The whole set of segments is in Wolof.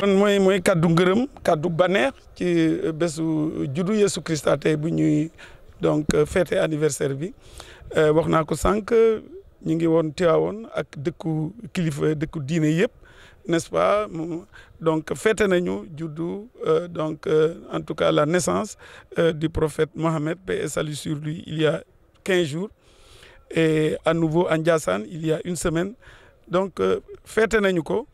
kon mooy mooy kaddu ngërëm kaddu baneex ci euh, bésu juddu Yeesu Krista tey bu ñuy donc euh, fête anniversaire bi euh, wax naa ko sànq ñu ngi woon Tiwaawoon ak dëkku kilifa dëkku diine yëpp n'est-ce donc fête nañu juddu donc en tout cas la naissance di prophète Mohammed paix et salut sur il y quinze jours e à nouveau à Ndiassane il y une semaine donc fête nañu ko.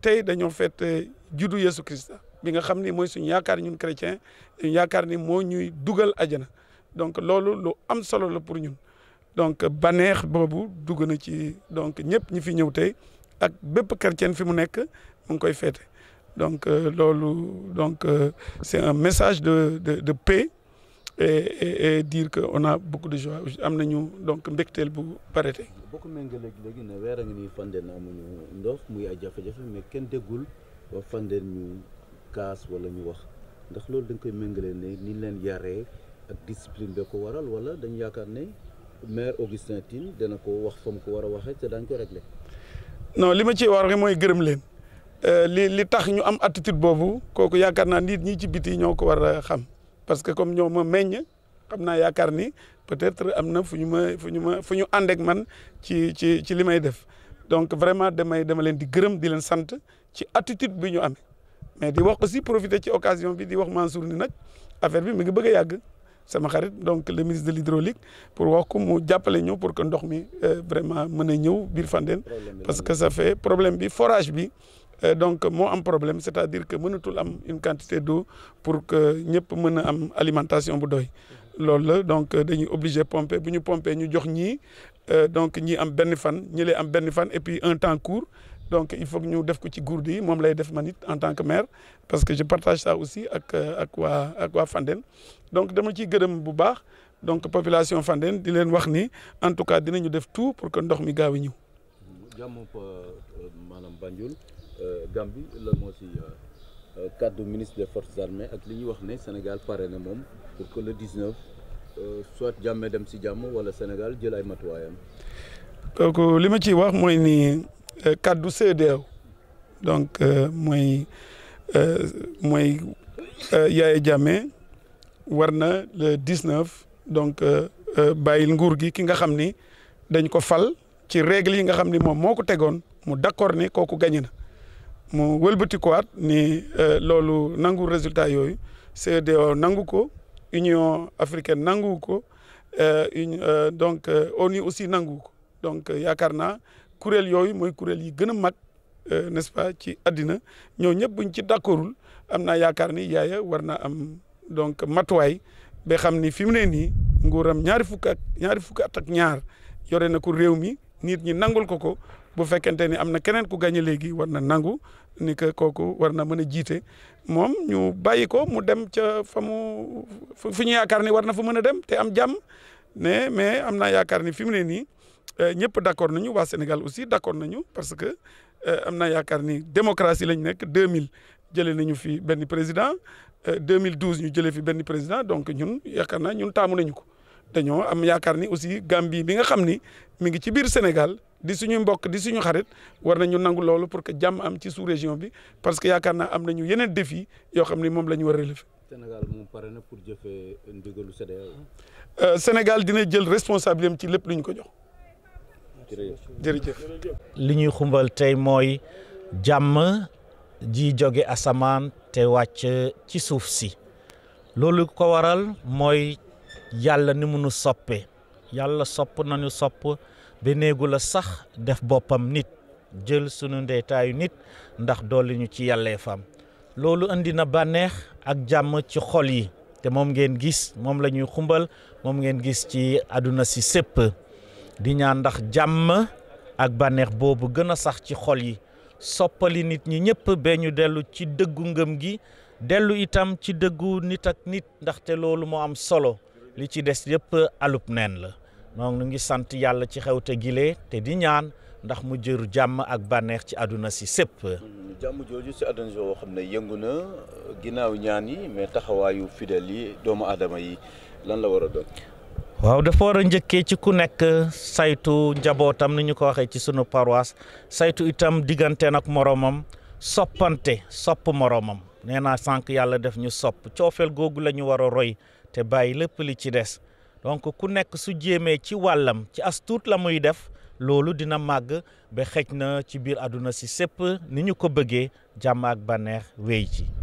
tey dañoo fête juddu Yesu Christ bi nga xam ni mooy suñ yaakaar ñun chrétien ñu yaakaar ni moo ñuy dugal ajana donc loolu lu am solo la pour ñun donc baneex boobu dugg na ci donc ñëpp ñi fi ñëw tey ak bépp chrétien fi mu nekk mu ngi koy fête donc euh, loolu donc euh, c'est un message de de de paix. diir et dire que on a de joie am na ñu donc mbégteel bu parité. boo ko méngalee léegi na weer a ngi nii Fandène ñu ndox muy ay jafe-jafe mais kenn déggul waa Fandène ñu kaas wala ñu wax ndax loolu dañ koy méngalee ne ni leen yaree ak discipline bee ko waral wala dañ yaakaar ne maire Augustin Tine dana ko wax fa mu ko war a waxee te daañu ko réglé. non li ma ci war mooy gërëm leen euh, li li tax ñu am attitude boobu kooku yaakaar naa nit ñi ci biti ñoo ko war a xam. parce que comme ñoo ma meññ xam naa yaakaar ni peut-être am na fu ñu ma fu ñu ma fu ñu ànd man ci ci ci li may def donc vraiment damay dama leen di gërëm di leen sant ci attitude bi ñu amee mais di wax aussi profiter ci occasion bi di wax Mansour ni nag affaire bi mi ngi bëgg a yàgg sama xarit donc le ministre de pour wax ko mu jàppale ñëw pour que ndox mi euh, vraiment mën a ñëw biir Fandène parce que ça fait problème bi forage bi Euh, donc moo am problème c'est-à-dire que mënatul am une quantité d'eau pour que ñëpp mën a am alimentation bu doy loolu la donc euh, dañuy obligé pomper bu ñu pomper ñu jox ñii euh, donc ñii am benn fan ñi am benn fan et puis un temps court donc il faut que ñu def ko ci gourde yi moom lay def ma nit en tant que maire parce que je partage ça aussi ak ak waa ak waa Fandène donc dama ciy gërëm bu baax donc population Fandène di leen wax ni en tout cas dinañu def tout pour que ndox mi gaaw a ñëw. jàmm maanaam Euh, Gambie lan moo ci euh, euh, kàddu ministre des forces armées ak li ñuy wax ne Sénégal pare na moom pour que le 19 soit jàmme dem si jàmm wala Sénégal jëlay ay matuwaayam. kooku li ma ci wax mooy nii kàddu CEDEAO donc mooy mooy Yaya Jammeh war na le 19 donc bàyyil nguur gi ki nga xam ni dañ ko fal ci règle yi nga xam ni moom moo ko tegoon mu d'accord ne kooku gañe na mu wëlbati kuwaat ni euh, loolu nangu résultat yooyu CEDEAO nangu ko Union africaine nangu ko euh, euh, donc ONU aussi nangu ko donc yaakaar naa kuréel yooyu mooy kuréel yi gën a mag nest ci àddina ñoo ñëpp buñ ci d'accordul am naa yaakaar ni yaaya war na am donc matuwaay ba xam ni fi mu ne nii nguuram ñaari fukk ak ñaari fukk at ak ñaar yore na ko réew mi nit ñi nangul ko ko bu fekkente ni am na keneen ku gagné léegi war na nangu ni que kooku war na mën a jiite moom ñu bàyyi ko mu dem ca fa mu fi ñu yaakaar ni war na fa mën a dem te am jàmm ne mais am naa yaakaar ni fi mu ne nii eh, ñëpp d' accord nañu waa Sénégal aussi d' accord nañu parce que eh, am na yaakaar ni démocratie lañ nekk 2000 jëlee nañu fi benn président 2012 eh, ñu jëlee fi benn président donc ñu yaakaar naa ñun taamu nañu ko. dañoo am yaakaar ni aussi Gambie bi nga xam ni mi ngi ci biir Sénégal di suñu mbokk di suñu xarit war nañu nangu loolu pour que jàmm am ci sous région bi parce que yaakaar na am nañu yeneen défi yoo xam ni moom la ñu war a relever. Sénégal moom pare na pour jëfee ndigalu CEDEAO. Euh, Sénégal dina jël responsabilité ci lépp lu ñu ko jox. jërëjëf li ñuy xumbal tey mooy jàmm ji jóge asamaan te wàcc ci suuf si loolu ko waral mooy yàlla ni mu soppe yàlla sopp nañu sopp ba néegu la sax def boppam nit jël sunu ndeytaayu nit ndax dolli ñu ci yàlleefam loolu indi na bànneex ak jàmm ci xol yi te moom ngeen gis moom la ñuy xumbal moom ngeen gis ci àdduna si sépp di ñaan ndax jàmm ak bànneex boobu gën a sax ci xol yi soppali nit ñi ñëpp ba ñu dellu ci dëggu ngëm gi dellu itam ci dëggu nit ak nit ndaxte loolu mu am solo li ci des yëpp alub neen la donc nu ngi sant yàlla ci xewte gile te di ñaan ndax mu jëru jàmm ak bànneex ci àdduna si sépp jàmm jooju ci àdduna si woo xam ne yëngu na ginnaaw ñaan yi mais taxawaayu fidèle yi doomu aadama yi lan la war a waaw dafa war a njëkkee ci ku nekk saytu njabootam ni ñu ko waxee ci sunu paroisse saytu itam diggante nag moroomam soppante sopp moroomam nee naa sànq yàlla def ñu sopp coofeel googu lañu ñu war a roy te bàyyi lépp li ci des donc ku nekk su jéemee ci wàllam ci as tuut la muy def loolu dina màgg ba xëj na ci biir àdduna si sépp ni ñu ko bëggee jàmm ak bànneex wéy ci